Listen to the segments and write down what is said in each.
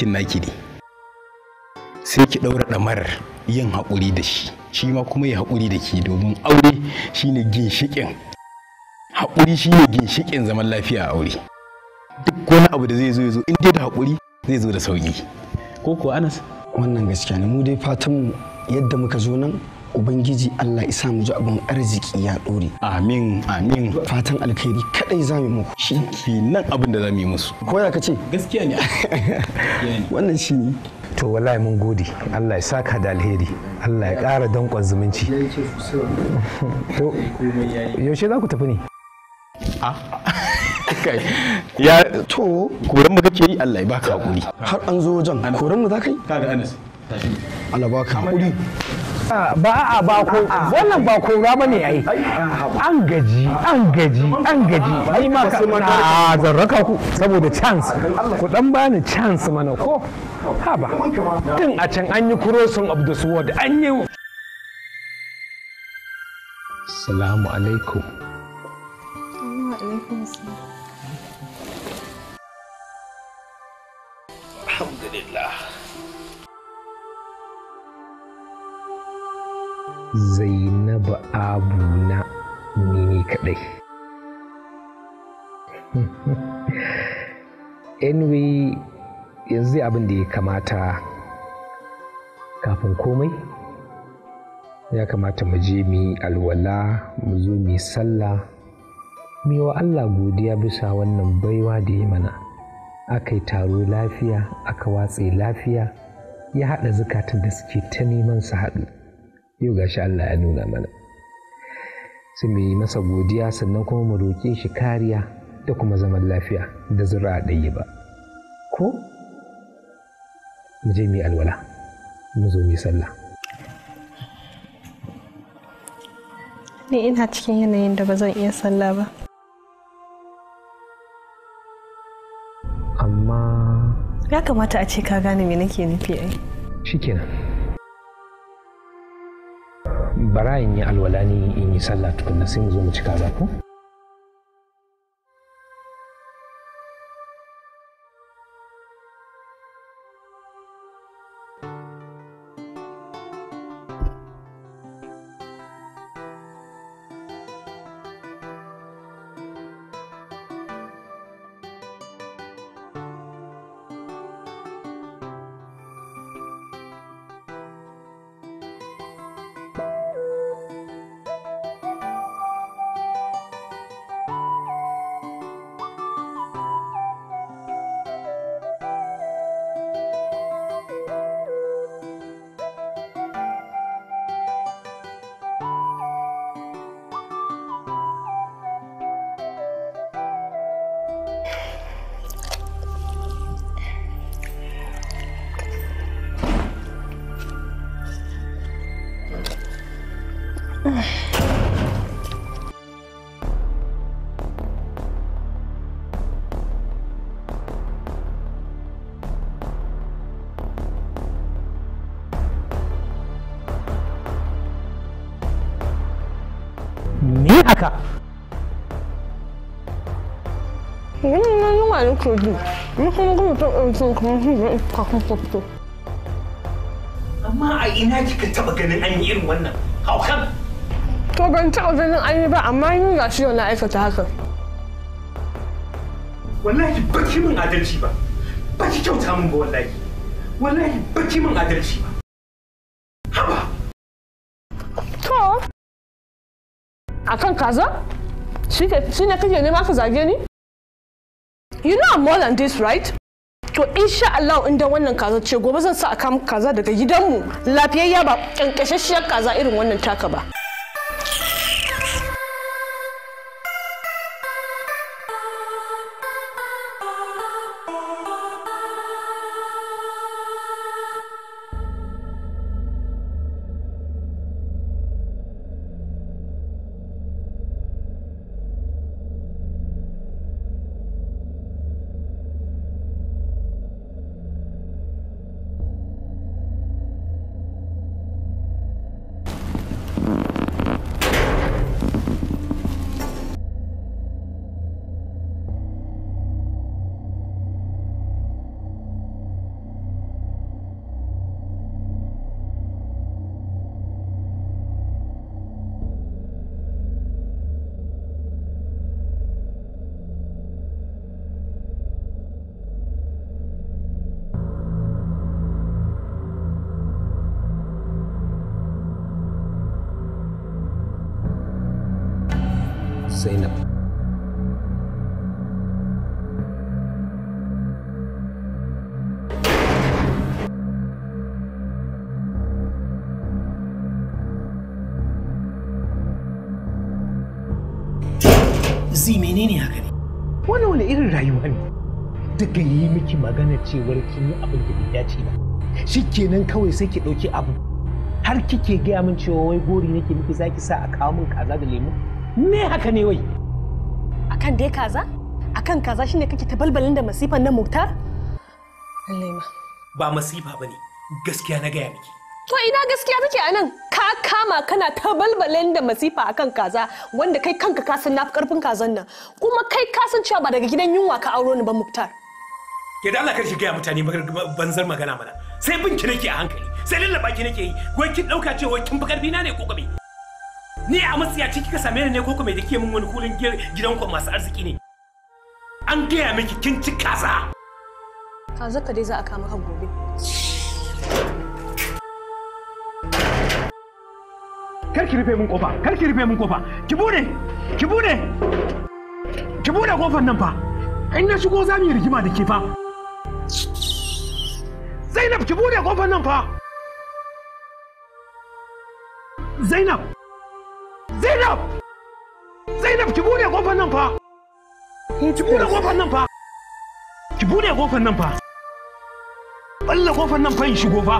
aikin naki ne sai ki ɗaura ɗamarar yin haƙuri da shi shi ma kuma ya haƙuri da ke domin aure shine ginshiƙin haƙuri shine ginshiƙin zaman lafiya a aure duk wani abu da zai zo ya zo in dai da haƙuri zai zo da sauƙi ko kuwa anas wannan gaskiya ne mu dai fatan yadda muka zo nan ubangiji Allah isa mu ji abin arziki ya dore amin amin fatan alkhairi kadai za mu muku shi nan abin da za mu yi musu ko ya kace gaskiya ne wannan shi ne to wallahi mun gode Allah ya saka da alheri Allah ya ƙara danƙon zumunci to yaushe za ku tafi ne ah. ya to koran mu kake yi Allah ya baka hakuri har an zo wajen koran mu za ka yi kaga Anas Allah baka hakuri ba a ba ko wannan ba kora bane ai an gaji an gaji an gaji ai ma ka a ah, zarraka ku saboda chance ku dan bani chance mana ko ba tun a can an yi crossing of the sword an yi assalamu alaikum. zainabu na ni kaɗai. anyway yanzu abin da ya kamata kafin komai ya kamata mu je mu yi alwala mu zo mu yi sallah mu wa Allah godiya bisa wannan baiwa da ya mana aka yi taro lafiya aka watse lafiya ya haɗa zukatan da suke ta neman su haɗu yau ga shi Allah ya nuna mana su mu yi masa godiya sannan kuma mu roƙe shi kariya da kuma zaman lafiya da zura a ɗaya ba ko mu je mu yi alwala mu zo mu yi sallah ni ina cikin yanayin da ba zan iya sallah ba amma ya kamata a ce ka gane me nake nufi ai shikenan bara in yi alwala ni in yi sallah tukunna sai mu zo mu cika za ku haka amma a ina kika taba ganin an yi irin wannan haukan to ban taɓa ganin an yi ba amma ni ga shi yau na aikata haka wallahi baki min adalci ba baki kyauta min ba wallahi wallahi baki min adalci ba akan kaza shi ne kake nema ka zage ni you know I'm more than this right to insha Allah inda wannan kaza ce gobe zan sa a kaza daga gidanmu lafiyayya ba kyankyashashiyar kaza irin wannan taka ba zainab zi menene haka ne wani wani irin rayuwa ne daga yi miki magana cewar kin yi abin da bai dace ba shi kenan kawai sai ki ɗauki abu har kike gaya min cewa wai gori nake miki zaki sa a kawo min kaza da lemu me haka ne wai akan dai kaza akan kaza shine kake ta balbalin da masifan na muktar lallai ba masifa bane gaskiya na gaya miki to ina gaskiya take anan ka kama kana ta balbalin da masifa akan kaza wanda kai kanka ka san nafi karfin kazan nan kuma kai ka san cewa ba daga gidan yunwa ka auro ni ba muktar ke da Allah karshe gaya mutane banzar magana mana sai bin ki nake a hankali sai lallaba ki nake yi wai kin dauka cewa kin bi karfi na ne ko kabe Ni a matsiyaci kika same ni ne ko kuma da kike min wani kulin gidanku masu arziki ne. An gaya miki kin ci kaza. Kaza ka dai za a kama ka gobe. Kar ki rufe min kofa, kar ki rufe mun kofa. Ki bude, ki bude. Ki bude kofar nan fa. In na shigo za mu yi rigima da ke fa. Zainab ki bude kofar nan fa. Zainab. Zainab! Zainab ki bude kofar nan fa! Ki bude kofar nan fa! Ki bude kofar nan fa! Balla kofar nan fa in shigo fa!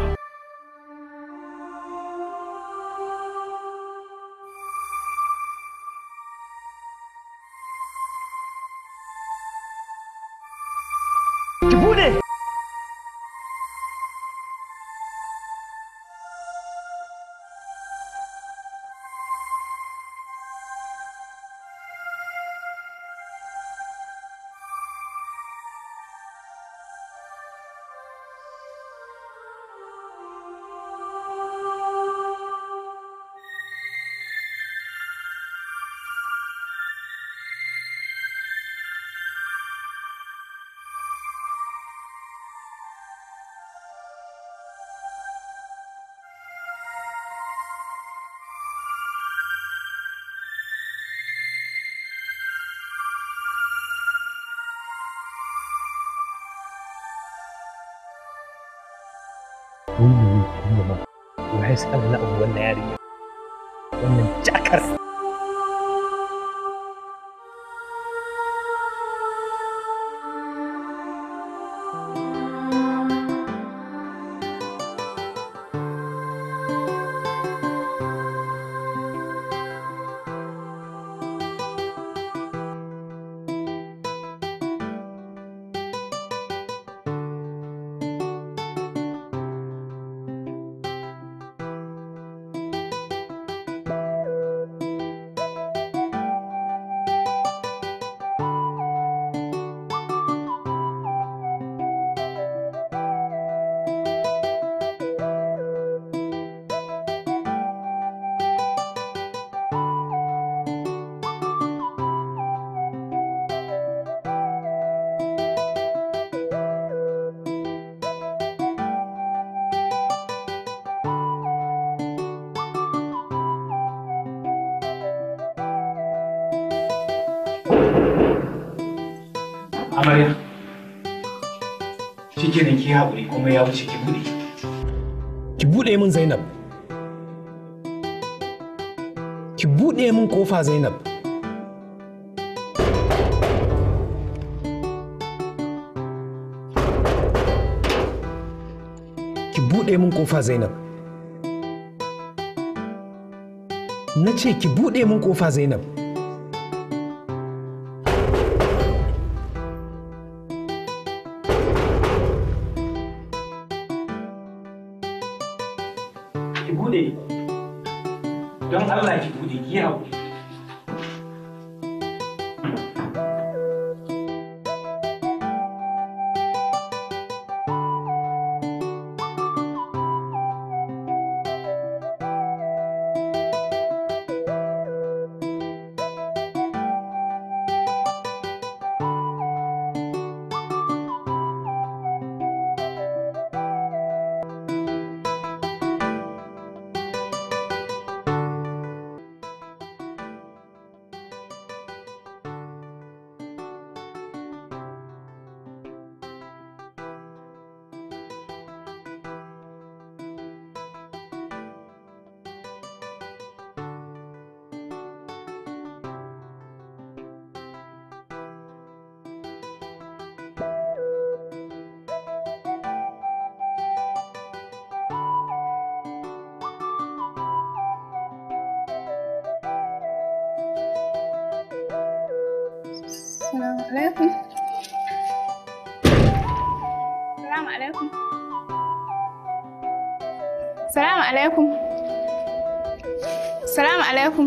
ya haisa na uwan na Amarya, shi kuma ya wuce ki buɗe. min Zainab. Zainab. Ki buɗe min ƙofa Zainab. Na ce ki buɗe min ƙofa Zainab. alaikum. Salamu alaikum. Salamu alaikum. Salamu alaikum.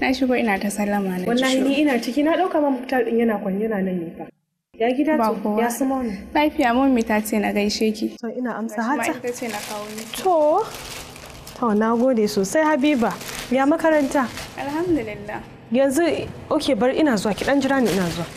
na shigo ina ta sallama na wallahi ni ina ciki na dauka man fitar din yana kwan yana nan ne fa ya gida ce ya suma ne lafiya mun ta ce na gaishe ki to ina amsa hata ita ce na kawo ni to to na gode sosai habiba ya makaranta alhamdulillah yanzu oke bar ina zuwa ki dan jira ni ina zuwa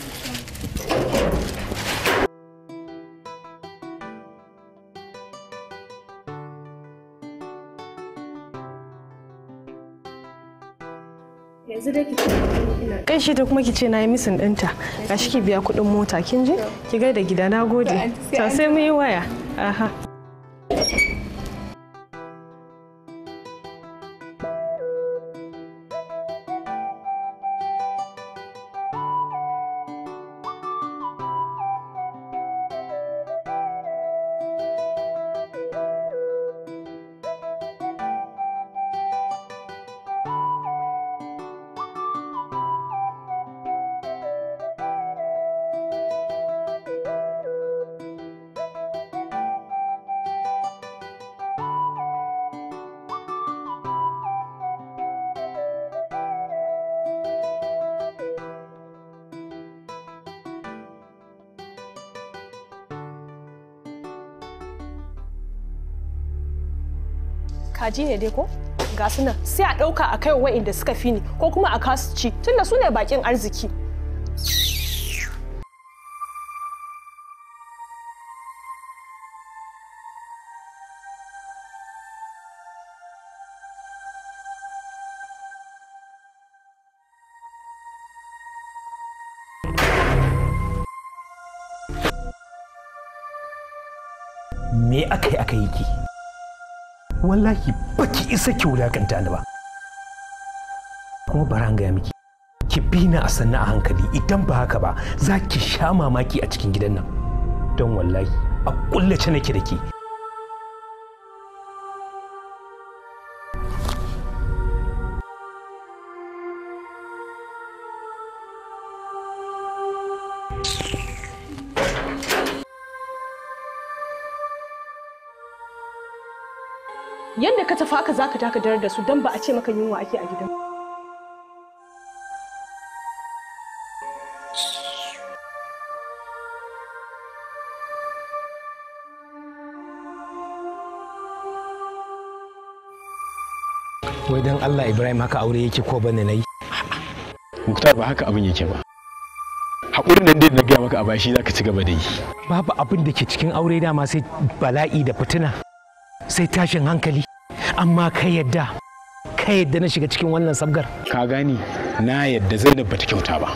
yanzu dai kai shi ta kuma ki ce na yi misin ɗinta gashi ki biya kuɗin mota kin je ki gaida gida na gode to sai mu yi waya aha kaji ne dai ko ga suna sai a ɗauka a kai wa'inda suka fi ni ko kuma a kasu ci tunda su ne bakin arziki wallahi baki isa ki wulakanta ni ba kuma baran gaya miki ki bi ni a sannu a hankali idan ba haka ba za ki sha mamaki a cikin gidan nan don wallahi a kullace nake da ke da ka tafi haka ka taka dare da su don ba a ce maka yunwa ake a gidan wai don Allah Ibrahim haka aure yake ko bane yi? Muktar ba haka abin yake ba Haƙurin nan da na gaya maka a bashi ka ci gaba da yi babu abin da ke cikin aure dama sai bala'i da fitina sai tashin hankali amma ka yadda ka yadda na shiga cikin wannan sabgar ka gani na yadda zainab bata kyauta ba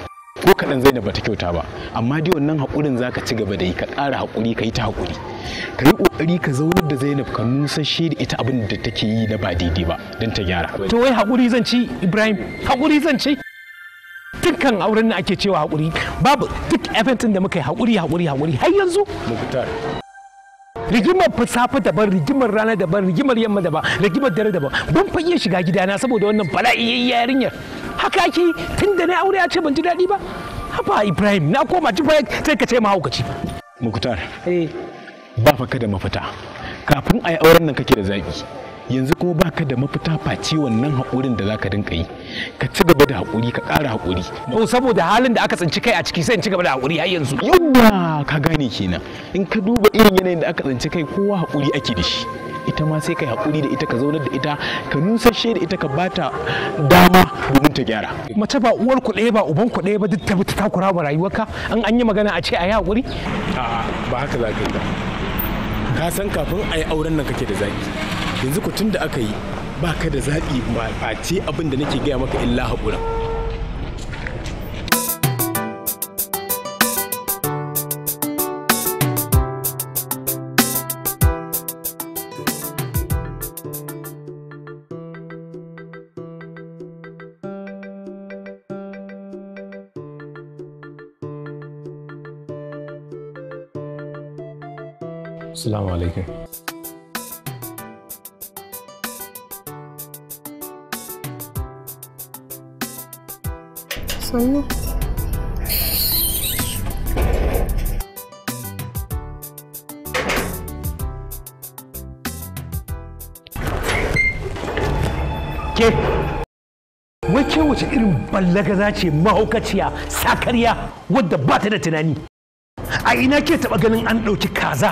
ko kaɗan zainab bata kyauta ba amma dai wannan haƙurin za ka ci gaba da yi ka ƙara haƙuri ka yi ta haƙuri ka yi ƙoƙari ka zaunar da zainab ka nusashe da ita abin da take yi na ba daidai ba don ta gyara to wai haƙuri zan ci ibrahim haƙuri zan ci dukkan auren na ake cewa haƙuri babu duk eventin da muka yi haƙuri haƙuri haƙuri har yanzu rigimar fasafa daban rigimar rana daban rigimar yamma daban rigimar dare daban ban fa iya shiga gidana saboda wannan bala'i yayi yarinyar haka ake tun da na aure ya ce ban ji daɗi ba haba ibrahim na koma ji sai ka ce ma mahaukaci mukutar eh. ba fa kada mafita kafin a yi auren nan kake da zaɓi yanzu kuma baka da mafita face wannan haƙurin da zaka dinka yi ka ci gaba da haƙuri ka ƙara haƙuri to saboda halin da aka tsinci kai a ciki sai in ci gaba da haƙuri har yanzu yawwa ka gane kenan in ka duba irin yanayin da aka tsinci kai kowa haƙuri ake da shi ita ma sai kai haƙuri da ita ka zaunar da ita ka nusashe da ita ka bata dama domin ta gyara mace ba uwar ku ɗaya ba uban ku ɗaya ba duk ta bi ta takura ba rayuwarka an an yi magana a ce a yi haƙuri a'a ba haka za ka yi ba ka san kafin a yi auren nan kake da zaki yanzu ku tun da aka yi ba ka da zaɓi ba ce abin da nake gaya maka illa haƙura Assalamu alaikum. சொன்ன ke wace wace irin ballagaza ce mahaukaciya sakariya wadda ba ta da tunani a ina ke taba ganin an ɗauki kaza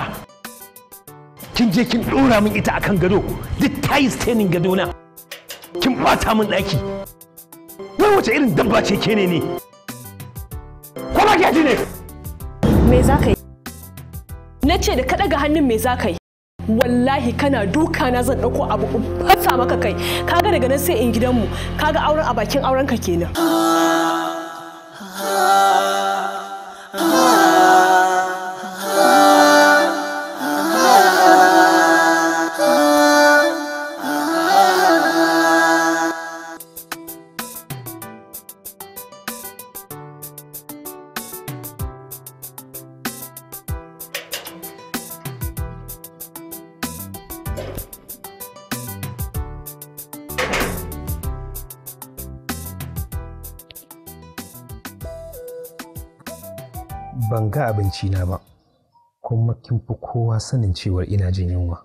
kin je kin ɗora min ita akan gado duk ta yi gado na kin ɓata min ɗaki wai wace irin dabba ce ke ne ni ko ba ke ne me za ka yi na ce da ka ga hannun me za ka yi wallahi kana duka na zan ɗauko abu in fasa maka kai kaga daga nan sai in gidanmu kaga auren a bakin auren ka kenan ban ga abinci na ba kuma kin fi kowa sanin cewar ina jin yunwa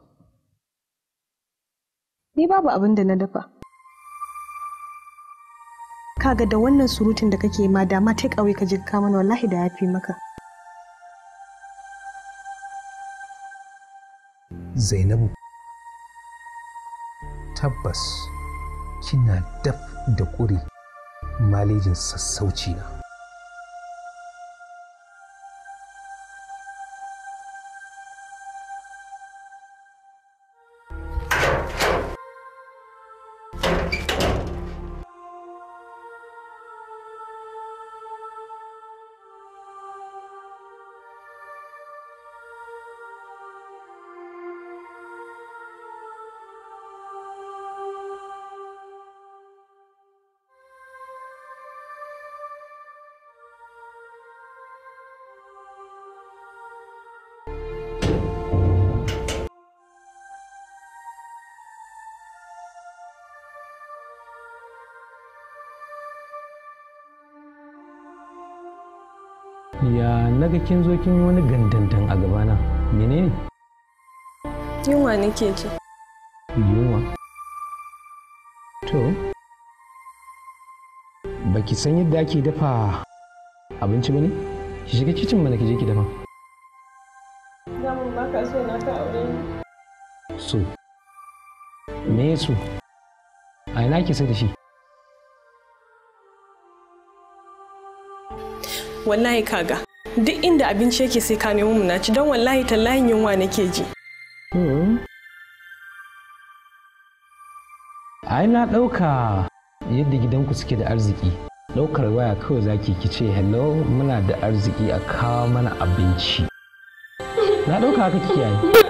ni babu abin da na dafa kaga da wannan surutun da kake ma dama ta take ka je ka mana wallahi da ya fi maka Zainabu tabbas kina daf da ƙuri malejin sassauci na ya naga kin zo kin yi wani gandandan a gabana menene yunwa nake ji yunwa to baki san yadda ake dafa abinci bane ki shiga kicin mana ki je ki dafa zamu baka so na ka aure So, me so? A ina ki sai da shi? wallahi kaga duk inda abinci yake sai ka nemo mu naci don wallahi tallahin yunwa nake ji hmm. ai na ɗauka yadda gidanku suke da arziki ɗaukar waya kawai zaki ki ce hello muna da arziki a kawo mana abinci na ɗauka haka kiyaye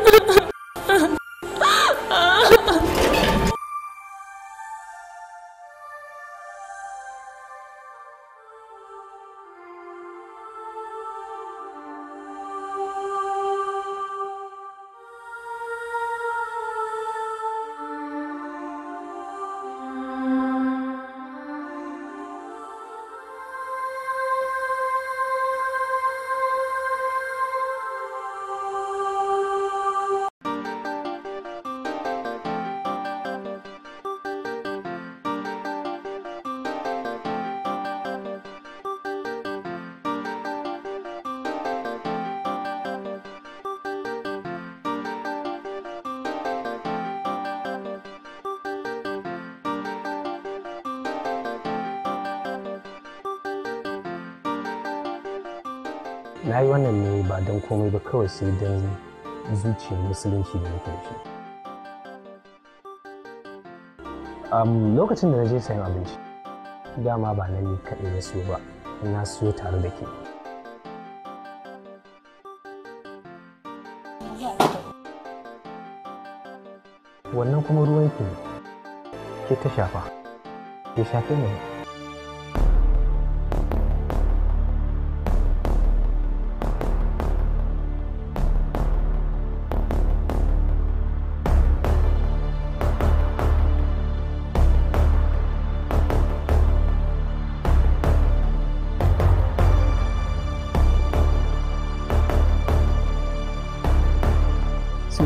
na yi wannan ne ba don komai ba kawai sai don zuciyar musulunci da nake shi lokacin da na je sayan abinci dama ba na ni kaɗai na siyo ba na siyo tare da ke wannan kuma ruwan ke ke ta shafa ke shafe ne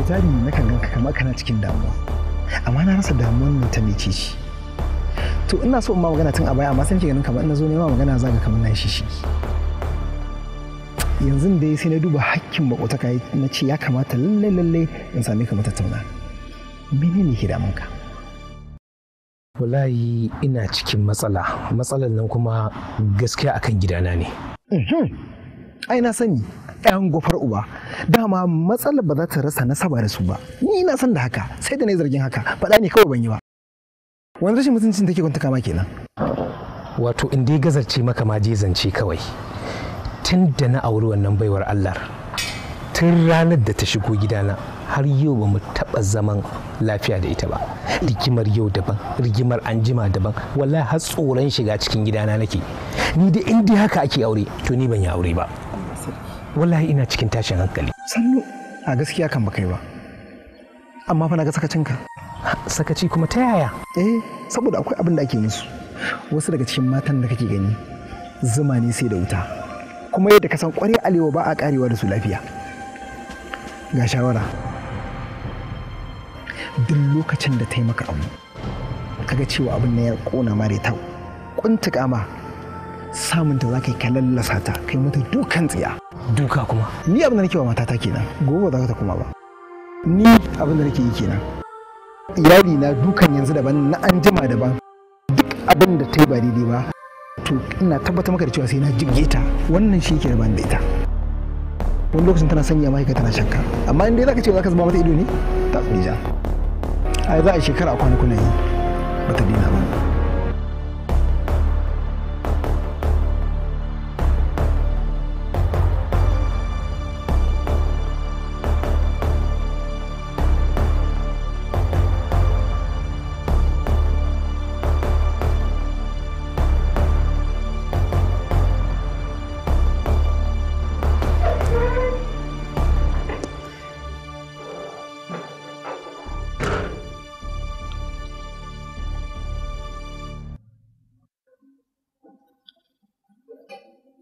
ne na kan ganka kamar kana cikin damuwa amma na rasa damuwar nan ta mece shi to ina so in ma magana tun a baya amma san ke ganin kamar ina zo nema magana za ga kamar na shi shi yanzu dai sai na duba hakkin makotaka na ce ya kamata lallai lallai in same ka matattauna menene ke damunka wallahi ina cikin matsala matsalar nan kuma gaskiya akan gidana ne uhm. ai na sani 'yan gofar uba dama matsalar ba za ta rasa nasaba da su ba ni na san da haka sai da na zargin haka faɗa ne kawai ban yi ba wani rashin mutuncin take kwanta kama kenan wato in dai gazarce maka ma je zance kawai tun da na auri wannan baiwar Allah tun ranar da ta shigo gidana har yau ba mu taɓa zaman lafiya da ita ba rigimar yau daban rigimar anjima daban wallahi har tsoron shiga cikin gidana nake ni da in dai haka ake aure to ni ban yi aure ba wallahi ina cikin tashin hankali sannu a gaskiya kan baka yi ba amma fa na ga sakacinka sakaci kuma ta yaya eh saboda akwai abin da ake musu wasu daga cikin matan da kake gani zuma ne sai da wuta kuma yadda ka san kwarai alewa ba a karewa da su lafiya ga shawara duk lokacin da ta yi maka abu kaga cewa abin na ya kona mare ta kuntuka ma samun ta za ka yi ka lallasa ta kai mata dukan tsiya duka kuma ni abin da nake wa matata kenan gobe za ta kuma ba ni abin da nake yi kenan iyali na dukan yanzu daban na an jima daban duk abin da ta yi ba daidai ba to ina tabbatar maka da cewa sai na jibge ta wannan shi ke ban da ita wani lokacin tana sanya ma tana shakka amma inda za ka ce zaka zama mata ido ne ta ja ai za a shekara a kwanakuna yi ba ta dina ba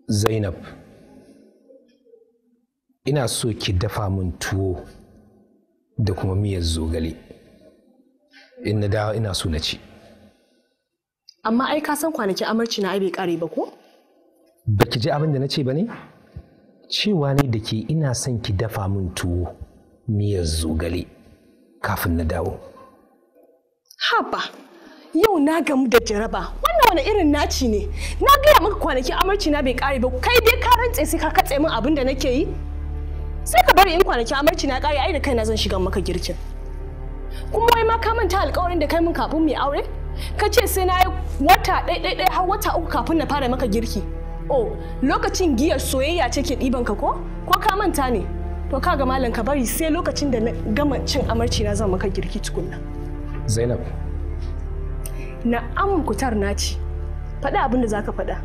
zainab ina so ki dafa min tuwo da kuma miyar zogale in na dawo ina so na ci amma ai ka san kwanaki amarci na bai kare ba ko ba ki ji abin da na ce ba ne cewa ne da ke ina son ki dafa min tuwo miyar zogale kafin na dawo haba yau na gamu da jaraba wannan wani irin naci ne na gaya maka kwanaki amarci na bai kare ba kai dai ka rantse sai ka katse min abin da nake yi sai ka bari in kwanaki amarci na kare ai da kaina zan shiga maka girkin kuma wai ma ka manta alƙawarin da kai min kafin mai aure ka ce sai na yi wata ɗaiɗaiɗai har wata uku kafin na fara maka girki oh lokacin giyar soyayya ce ke ɗiban ka ko ko ka manta ne to ka ga malam ka bari sai lokacin da na gama cin amarci na zan maka girki tukunna zainab na ce naci faɗi abin da za ka faɗa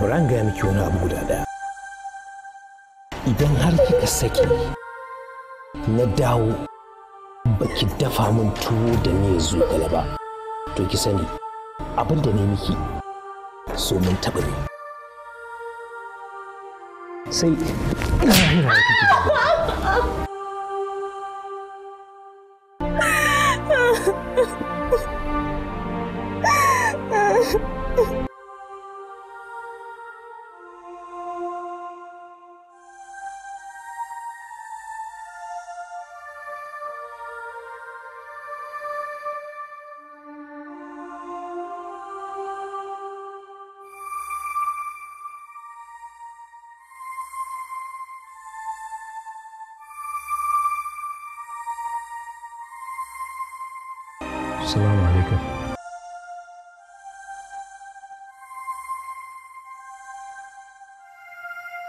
Buran gaya miki wani abu idan har kika saki na dawo baki dafa min tuwo da miyar zogale ba to ki sani abin da ne miki so mun taɓa ne sai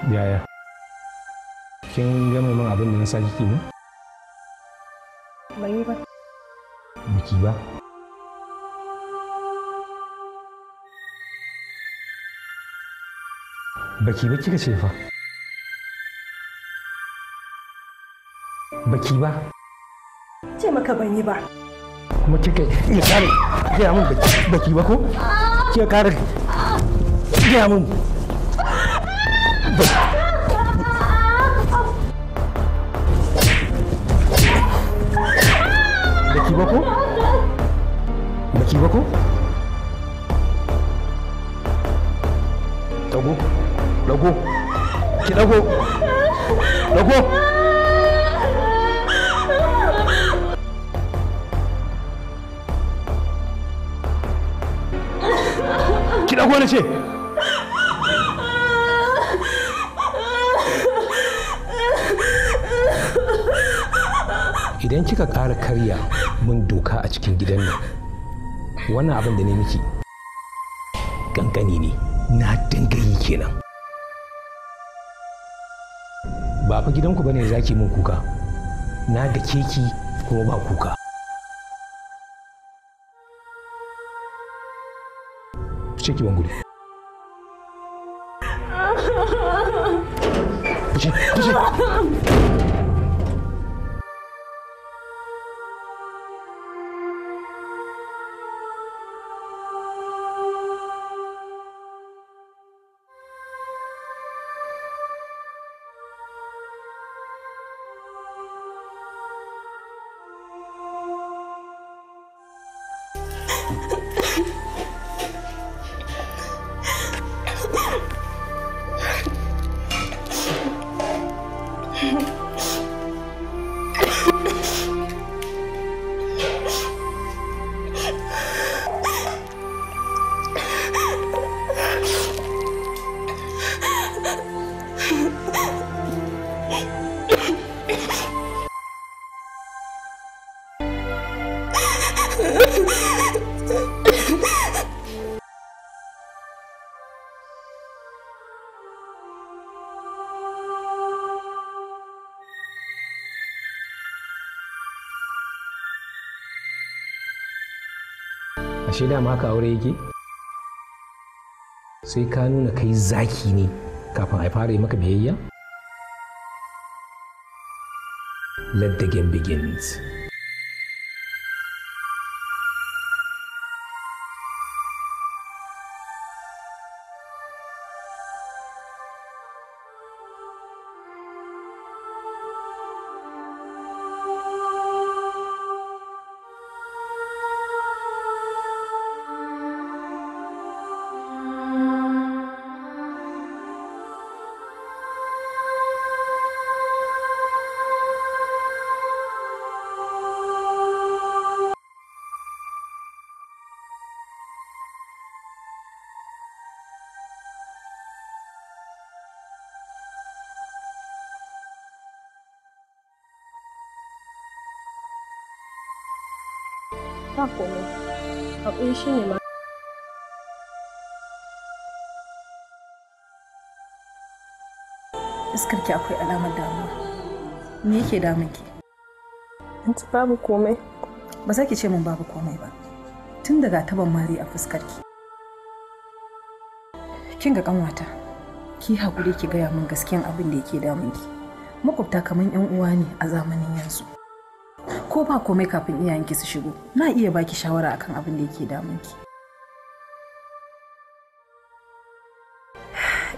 yaya kin gama min abin da na sa kike ne Bai ba biki ba baki ba kika ce fa baki ba ce maka ban yi ba kuma kika iya kare gaya min baki ba ko kika kare gaya min baki ba ko baki ba ko dago dago ki dago dago ki dago na ce idan kika ƙara karya mun doka a cikin gidan nan wannan abin da ne miki kankani ne na dinga kenan ba fa gidanku bane zaki mun kuka na da keki kuma ba kuka ciki bangure ashe dama ka aure yake sai ka nuna kai zaki ne kafin a fara yi maka biyayya let the game begins iskar ki akwai alamar damuwa me yake damun ki anti babu komai ba za ki ce min babu komai ba tun daga taban mari a fuskar ki kin ga kanwata ki hakuri ki gaya min gaskiyan abin da yake damun ki makwabta kamar yan uwa ne a zamanin yanzu ko ba komai kafin iyayenki su shigo na iya baki shawara akan abin da yake damun ki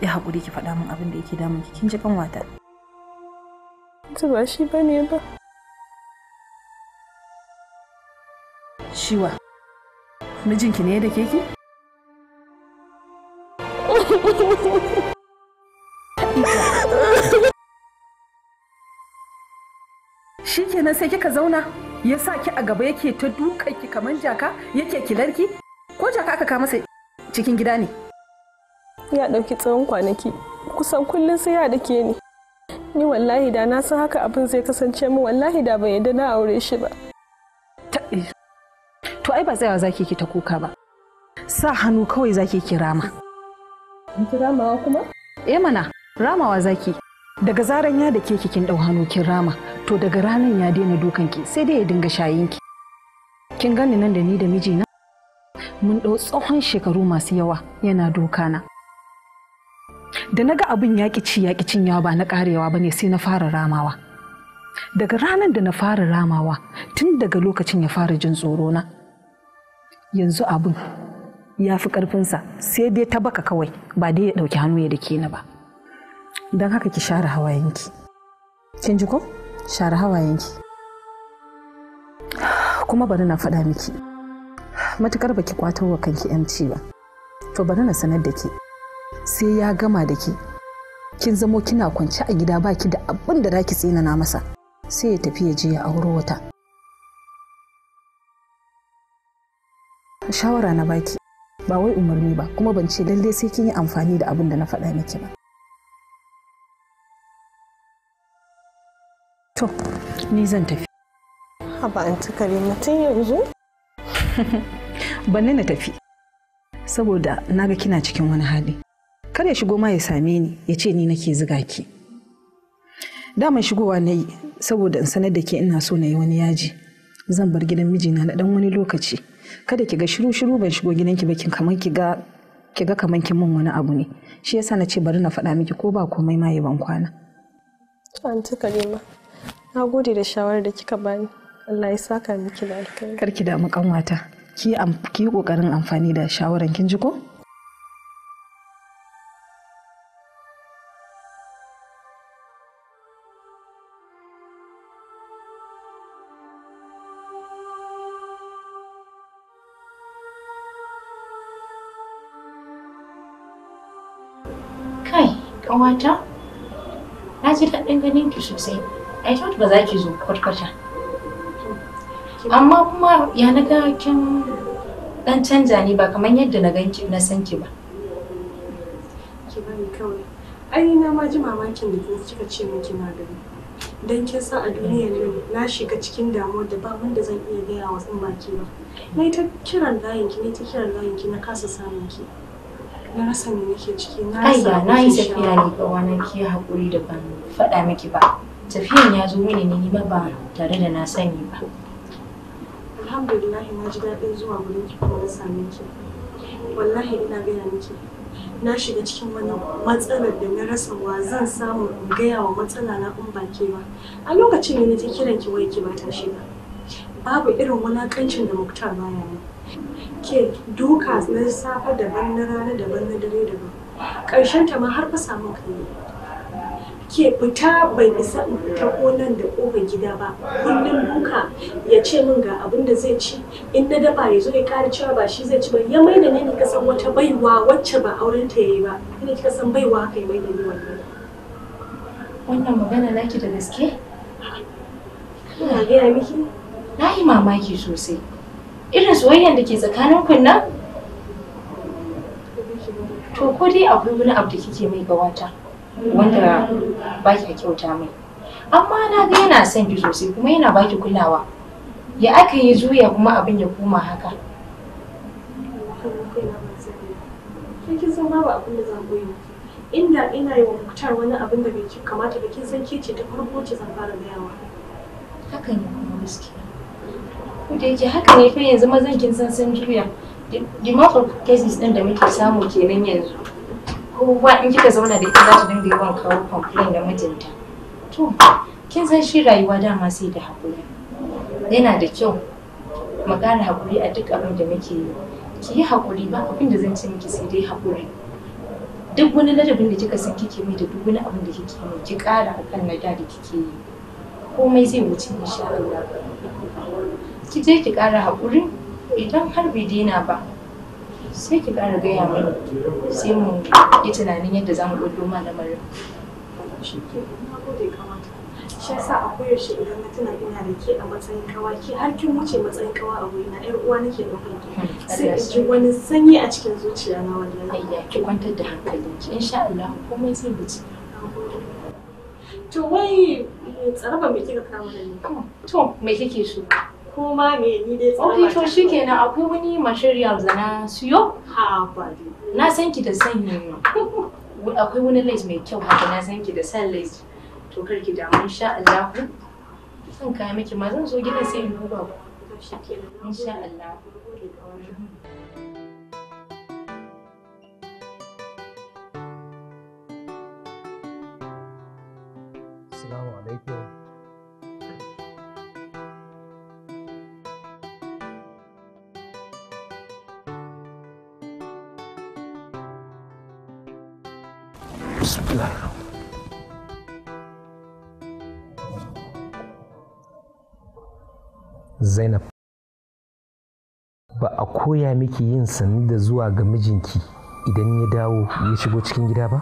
ya haƙuri ki faɗa min abin da yake damun ki kin ji wata ta ba shi ba ne ba shiwa mijinki ne da keki shi kenan sai kika zauna ya sa ki a gaba yake ta dukanki kamar jaka yake kilarki ko jaka aka kama masa cikin gida ne ya ɗauki tsawon kwanaki kusan kullum sai ya dake ni ni wallahi da na san haka abin zai kasance min wallahi da bai yadda na aure shi ba to ai ba tsayawa zaki ki ta kuka ba sa hannu kawai zaki ki rama ki ramawa kuma eh mana ramawa zaki daga zaran ya dake ki kin dau hannu kin rama to daga ranan ya daina dukan ki sai dai ya dinga shayin ki kin gani nan da ni da mijina mun dau tsohon shekaru masu yawa yana na. da na ga abin yaƙi ci yaƙi cinyawa ba na ƙarewa ba ne sai na fara ramawa daga ranar da na fara ramawa tun daga lokacin ya fara jin tsoro na yanzu abin ya fi ƙarfinsa sai dai ta baka kawai ba dai ya ɗauki hannu ya da ke na ba don haka ki share hawayenki kin ji ko share hawayenki kuma bari na faɗa miki matukar baki kwatowa wa kanki yanci ba to bari na sanar da ke sai ya gama da ke kin zamo kina kwance a gida baki da abin da zaki tsinana masa sai ya tafi ya je ya auro wata shawara na baki ba wai umarni ba kuma ban ce lalle sai kin yi amfani da abin da na faɗa miki ba to ni zan tafi haba an tukare mutum yanzu ban na tafi saboda naga kina cikin wani hali kar ya shigo ma ya same ni ya ce ni nake ziga ki daman shigowa na yi saboda in sanar da ke ina so na yi wani yaji zan bar gidan mijina na dan wani lokaci kada ki ga shiru shiru ban shigo gidanki ba kin kamar ki ga ki ga kamar kin mun wani abu ne shi yasa na ce bari na faɗa miki ko ba komai ma ban kwana anti kalima na gode da shawarar da kika bani Allah ya saka miki da alkhairi karki damu kanwata ki yi kokarin amfani da shawaran kin ji ko ƙawata na ji daɗin ganin ki sosai i thought ba za ki zo kwatkwata amma kuma ya na ga kin ɗan canja ni ba kamar yadda na ganki na san ki ba ki bani kawai ai na ma ji mamakin da kin kika ce min kina gani dan kin san a duniyar nan na shiga cikin damuwa da ba wanda zan iya gaya wa tsin baki ba na ta kiran layin ki ne ta kiran layin ki na kasa samun ki na rasa me nake ciki na rasa na yi tafiya ne ga wani ke haƙuri da ban faɗa miki ba tafiyan ya zo mini ne ba tare da na sani ba alhamdulillah na ji daɗin zuwa gurin ki ko na same ki wallahi ina gaya miki na shiga cikin wani matsalar da na rasa wa zan samu in gaya wa matsala na in ba ke ba a lokacin ne na ji kiran ki wai ki ba ta shiga babu irin wulakancin da muktar baya ne ke duka na safa daban na rana daban na dare daban ƙarshen ta ma har fasa samu kai ke fita bai isa ta nan da ƙofar gida ba kullum duka ya ce min ga abin da zai ci in na dafa ya zo ya kare cewa ba shi zai ci ba ya mai da ni ka san wata baiwa wacce ba auren ta yayi ba ina kika san baiwa kai ya mai da ni wannan wannan magana naki da gaske ina ga miki na yi mamaki sosai irin soyayyar da ke tsakanin ku nan to ko dai akwai wani abu da kike mai gawata wanda ba ki kyauta mai amma na ga yana son ki sosai kuma yana ba ki kulawa ya aka yi juya kuma abin ya koma haka kin san babu abin da zan koyi inda ina yi wa muktar wani abin da bai kamata ba kin san ke ce ta farko ce zan fara gayawa hakan ya kuma gaskiya da yake haka ne fa yanzu mazan kin san sun juya the more of cases din da muke samu kenan yanzu kowa in kika zauna da ita za ta dinga yawan kawo complain da mijinta to kin san shi rayuwa dama sai da haƙuri. yana da kyau mu ƙara haƙuri a duk abin da muke yi ki yi haƙuri ba abin da zan ce miki sai dai haƙuri. duk wani ladabin da kika san kike mai da duk wani abin da kike mai ki ƙara akan na da da kike yi komai zai wuce insha Allah ki je ki kara haƙuri idan har bai daina ba sai ki ƙara gaya mai sai mu yi tunanin yadda za mu ɗauko ma Shi ke, na kamata. Shi yasa a koyaushe idan na tuna ina da ke a matsayin kawa ke har kin wuce matsayin kawa a wuri na ɗan uwa nake ɗaukar ki. Hmm, sai in ji wani sanyi a cikin zuciya na wallahi. Ayya ki kwantar da hankalinki insha Allah komai zai wuce. To wai tsaraba me kika kawo da ni? Hmm, to me kike so? kuma me ni dai tsara. Ok to shikenan akwai wani materials da na siyo? Ha ba Na san ki da san ma. Akwai wani lace mai kyau haka na san ki da san lace. To kar ki damu sha Allah. sun kai miki ma zan zo gidan sai in duba ku. Insha Allah. zainab ba a koya miki yin sannu da zuwa ga mijinki idan ya dawo ya shigo cikin gida ba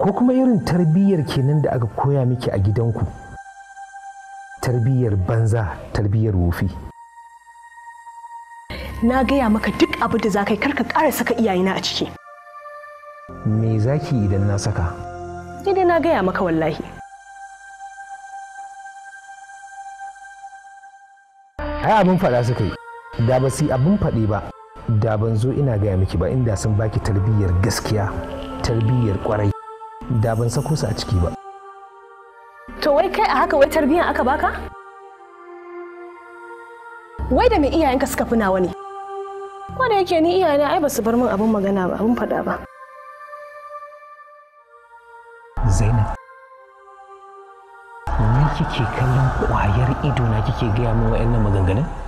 ko kuma irin tarbiyyar kenan da aka koya miki a gidanku tarbiyyar banza tarbiyyar wofi na gaya maka duk abin da za ka yi karka ƙara saka iyayena a ciki me zaki idan na saka idan na gaya maka wallahi ai abin faɗa suka yi da ba su abin faɗi ba da ban zo ina gaya miki ba inda sun baki tarbiyyar gaskiya tarbiyyar kwarai da ban sako su a ciki ba to wai kai a haka wai tarbiyyar aka baka wai da mai iyayenka suka fi nawa wani. ko da yake ni iyayena ai ba su bar min abin magana ba abin faɗa ba zainab kike kallon kwayar ido na kike gaya min wa'annan maganganun